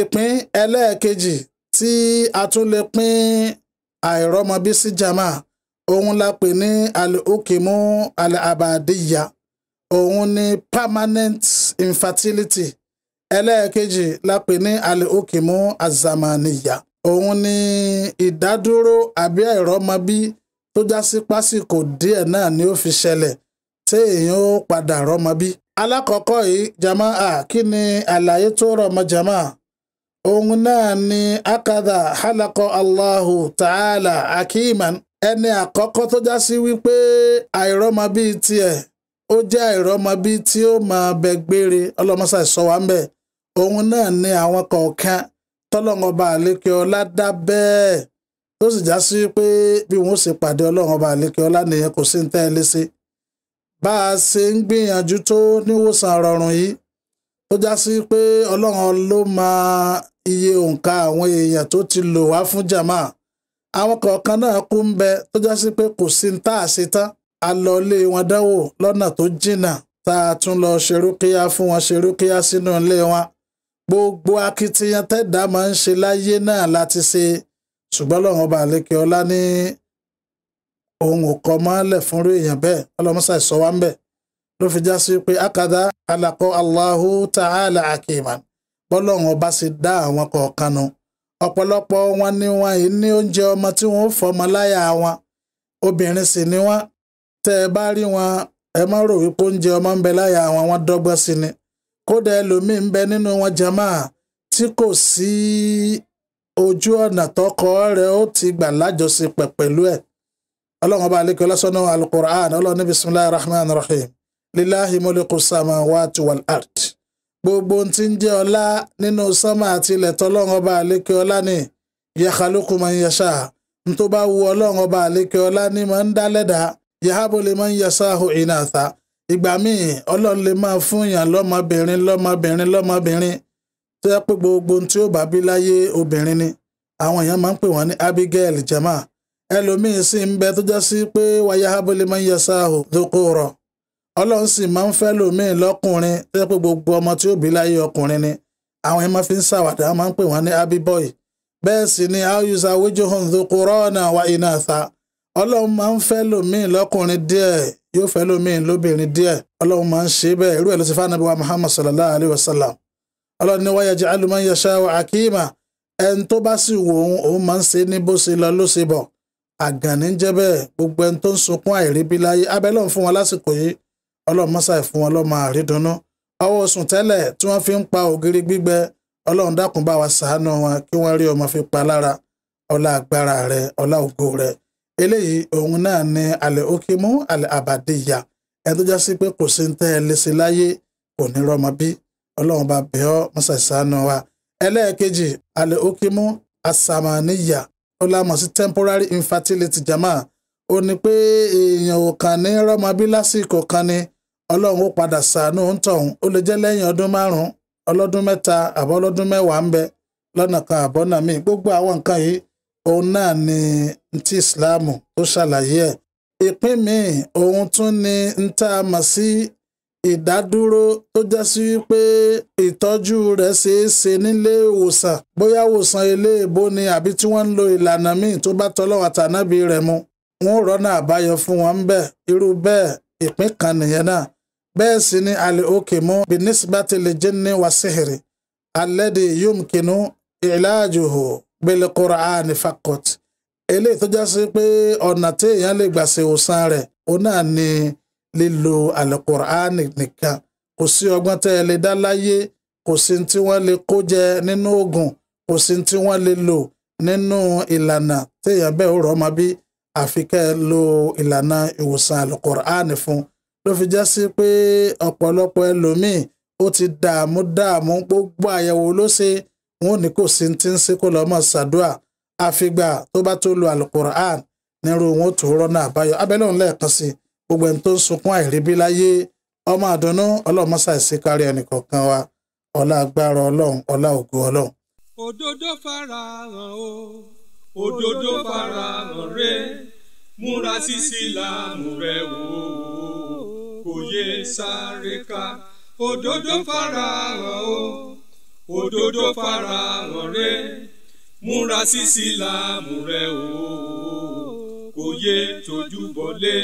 ìpín ẹlẹ́ẹ̀kejì tí a tún lè pín àìrọ́mọbí sí jama òun la pè ní alukimu alabadiya òun ni permanent infertility ẹlẹ́ẹ̀kejì la pè ní alukimu azamaniya òun ni ìdádúró àbí àìrọ́mọbí tó já sí pásìkò díẹ̀ náà ni ó fi ṣẹlẹ̀ tí èèyàn ó padà rọ́mọbí. alákọ̀ọ́kọ́ yìí jama a kí ni àlàyé tó rọ̀ mọ́ jama a. òun náà ni akada halakọ allahu ta'ala akiman ẹni àkọ́kọ́ tó já sí wípé àìrọ́mọ bíi tiẹ̀ ó jẹ́ àìrọ́mọ bíi tí ó máa bẹ gbére ọlọ́mọṣà sọ wá ń bẹ̀ òun náà ni àwọn kọ̀ọ̀kan tọ́lọ́run àlékè ọlá dá bẹ́ẹ̀ tó sì já sí tó já sí pé ọlọ́run ló máa iye òǹkà àwọn èèyàn tó ti lò wá fún jàmá àwọn kọ̀ọ̀kan náà kú ń bẹ tó já sí pé kò sí tá a ṣe tán a lọ ilé wọn dánwò lọ́nà tó jìnnà tá a tún lọ ṣerúkíyá fún wọn ṣerúkíyá sínú ilé wọn gbogbo akitiyan tẹ́dá máa ń ṣe láyé náà láti ṣe ṣùgbọ́n ọlọ́run ọba àlékè ọlá ní ohun ò kọ́ mọ́lẹ̀ fúnrú èèyàn bẹ́ẹ̀ ọlọ́mọṣà ìsọ ń bẹ̀. ló fi já sí pé akada alakọ Allahu ta'ala akiman ọba sì dá àwọn kọ̀ọ̀kan nu ọ̀pọ̀lọpọ̀ wọn ni wọn yìí ní oúnjẹ ọmọ tí wọn ó fọmọ láyà wọn obìnrin sì ni wọn tẹ ẹ bá rí wọn ẹ má wípé oúnjẹ ọmọ ń bẹ láyà wọn wọn ni kódà ń bẹ nínú wọn jama tí kò sí ojú ọ̀nà tọkọ rẹ̀ ó ti gbà rahim. líláhi mọ́lẹ́kù sàmà wá ti wà lárt gbogbo ohun ń jẹ́ ọlá nínú sánmà àti ilẹ̀ tọ́lọ́run ọba àlékè ọlá ni yàkàlùkù máa ń yẹsà tó bá wu ọlọ́run ọba àlékè ọlá ni máa ń dá lẹ́dà yàhábò lè máa ń yẹsà hù iná àtà ìgbà míì ọlọ́run lè máa fún yàn lọ́mọbìnrin lọ́mọbìnrin lọ́mọbìnrin tó yẹ pé gbogbo tí ó bá bí láyé obìnrin ni àwọn èèyàn máa ń pè wọ́n ní Abigail jama ẹlòmíín sì ń bẹ tó jẹ́ sí pé wàyà hábò lè máa ń yẹsà hù dókòrò ọlọ́run sì máa ń fẹ́ lòmíì lọ́kùnrin tó yẹ pé gbogbo ọmọ tí ó bí láyé ọkùnrin ni àwọn ẹ̀ma fi ń ṣàwàdà wọ́n máa ń pè wọ́n ní abiboy bẹ́ẹ̀ sì ni ayusa wejohun dhukurana wa inatha ọlọ́run máa ń fẹ́ lòmíì lọ́kùnrin díẹ̀ yóò fẹ́ lòmíì lóbìnrin díẹ̀ ọlọ́run máa ń ṣe bẹ́ẹ̀ irú ẹ̀ ló ti fún anabi wa muhammad sallallahu alayhi wa sallam ọlọ́run ní wa yaj'alu man yasha'u akima ẹni tó bá sì wò ó òun máa ń ṣe ní bó ṣe lọ ló ṣe bọ̀ àgàn ní jẹ́ bẹ́ẹ̀ gbogbo ẹni tó ń sunkún àìríbí láyé abẹ́lẹ́ fún wọn lásìkò yìí ọlọ́run mọ́sàáì fún wọn lọ́mọ àrídùnnú ọwọ́ sùn tẹ́lẹ̀ tí wọ́n fi ń pa ògiri gbígbẹ ọlọ́run dákun bá wa ṣàánú wọn kí wọ́n rí ọmọ fi pa lára ọlá agbára rẹ ọlá ògo rẹ eléyìí òun náà ni alẹ́ òkímú alẹ́ àbàdìyà ẹni tó já sí pé kò sí ń tẹ́ ẹ léṣe láyé kò ní rọmọ bí ọlọ́run bá bẹ̀ ọ́ mọ́sàáì ṣàánú wa ẹlẹ́ẹ̀kejì alẹ́ òkímú asàmàníyà ó lámọ̀ sí temporary infertility jama ó ní pé èèyàn ò kàn ní rọmọ bí lásìkò kan ni. Ramabila, si, ọlọ́run ó padà sàánú ń tọ̀hún ó lè jẹ́ lẹ́yìn ọdún márùn-ún ọlọ́dún mẹ́ta àbọ̀ ọlọ́dún mẹ́wàá ń bẹ lọ́nà kan àbọ̀ gbogbo àwọn nǹkan yìí òun náà ni ti ìsìláàmù tó ṣàlàyé ẹ̀ ìpín míì òun tún ni ń tá a ìdádúró tó já wípé ìtọ́jú rẹ̀ ṣeé ṣe nílé ìwòsàn bóyá ìwòsàn ìbò ni àbí tí wọ́n ń lo bẹ́ẹ̀ sì ni àlè òkè mú binisbati lè jinni wa sihiri alẹ́dẹ̀ yomkinu ìlàjòhò bil Qur'an fakot eléyìí tó já sí pé ọ̀nà tí èèyàn lè gbà ṣe òsàn rẹ̀ ó náà ni lílo al-Qur'an nìkan kò sí ọgbọ́n tẹ́ ẹ lè dá láyé kò sí tí wọ́n lè kó jẹ nínú oògùn kò sí tí wọ́n lè lò nínú ìlànà téèyàn bẹ́ẹ̀ ó rọ́ bí àfi lo ìlànà ìwòsàn al-Qur'an fún un ló fi já sí pé ọ̀pọ̀lọpọ̀ ẹlòmíì ó ti dààmú dààmú gbogbo àyẹ̀wò ló ṣe wọn ò ní kò sí ti ń ṣe kó lọ́mọ ṣàdúà àfìgbà tó bá tó lo alukur'an nírú wọn tó rọ́nà àbáyọ abẹ́lẹ́ òun lẹ́ẹ̀kan sí gbogbo ẹni tó ń sunkún àìríbí láyé ọmọ àdùnnú ọlọ́mọ ṣàìsí ẹnìkọ̀ọ̀kan wa ọlá agbára ọlọ́run ọlá ògo ọlọ́run. òdodo farahàn o òdodo farahàn rẹ múra sí sílámù rẹ wò ó òye sáré ká òdodo farahàn o òdodo farahàn rẹ múra sí sílámù rẹ o kò yé tójú bọlé.